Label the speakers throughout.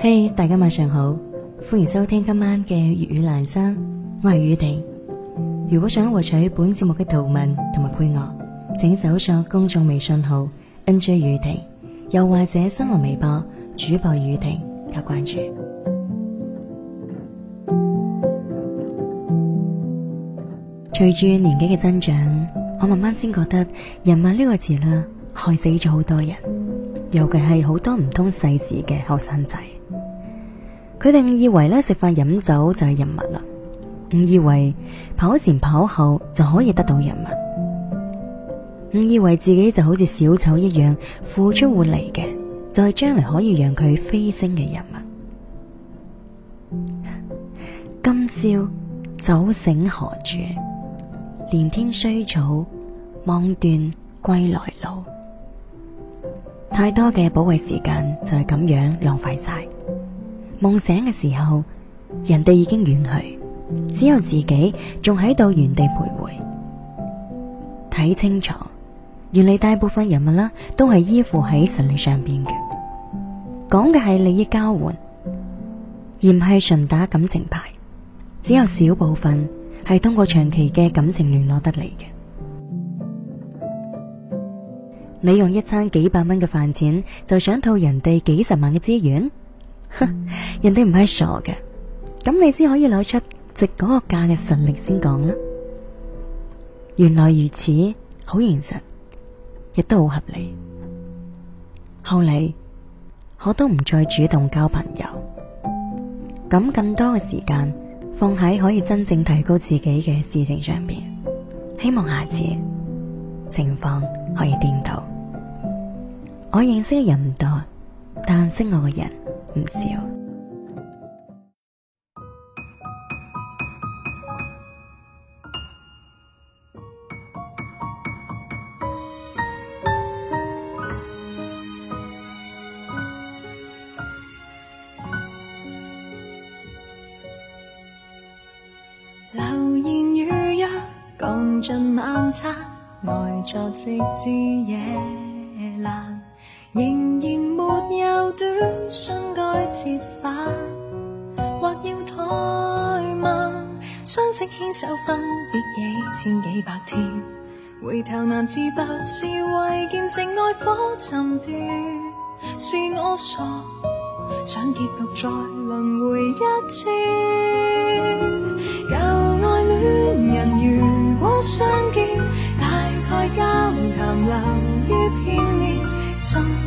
Speaker 1: 嘿，hey, 大家晚上好，歡迎收聽今晚嘅粵語欄山，我係雨婷。如果想獲取本節目嘅圖文同埋配樂，請搜索公眾微信號 NJ 雨婷，又或者新浪微博主播雨婷加關注。隨住年紀嘅增長，我慢慢先覺得人物呢個詞啦，害死咗好多人。尤其係好多唔通世事嘅後生仔，佢哋誤以為咧，食飯飲酒就係人物啦，誤以為跑前跑後就可以得到人物，誤以為自己就好似小丑一樣付出換嚟嘅就係、是、將來可以讓佢飛升嘅人物。今宵酒醒何處？連天衰草，望斷歸來路。太多嘅寶貴時間就係咁樣浪費晒，夢醒嘅時候，人哋已經遠去，只有自己仲喺度原地徘徊。睇清楚，原嚟大部分人物啦，都係依附喺神力上邊嘅，講嘅係利益交換，而唔係純打感情牌。只有少部分係通過長期嘅感情聯絡得嚟嘅。你用一餐幾百蚊嘅飯錢就想套人哋幾十萬嘅資源？哼，人哋唔係傻嘅，咁你先可以攞出值嗰個價嘅實力先講啦。原來如此，好現實，亦都好合理。後嚟我都唔再主動交朋友，咁更多嘅時間放喺可以真正提高自己嘅事情上邊。希望下次。情況可以顛倒，我認識嘅人唔多，但識我嘅人唔少。
Speaker 2: 流言如約共進晚餐。呆坐直至夜闌，仍然沒有短訊，該折返，或要怠慢？相識牽手分別幾千幾百天，回頭難自拔是為見證愛火沉澱。是我傻，想結局再輪回一次，舊愛戀人如果相。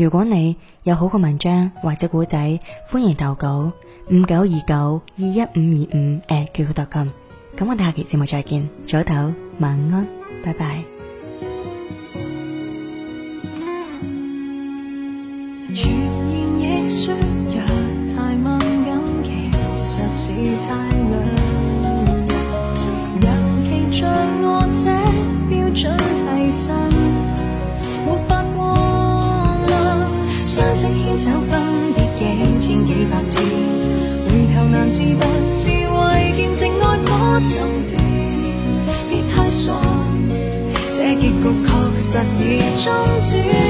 Speaker 1: 如果你有好嘅文章或者古仔，歡迎投稿五九二九二一五二五，艾特 QQ 點 com。咁我哋下期節目再見，早唞，晚
Speaker 2: 安，拜拜。相識牽手，分別幾千幾百天，回頭難自拔，是為見證愛火怎斷，別太傻，這結局確實已終止。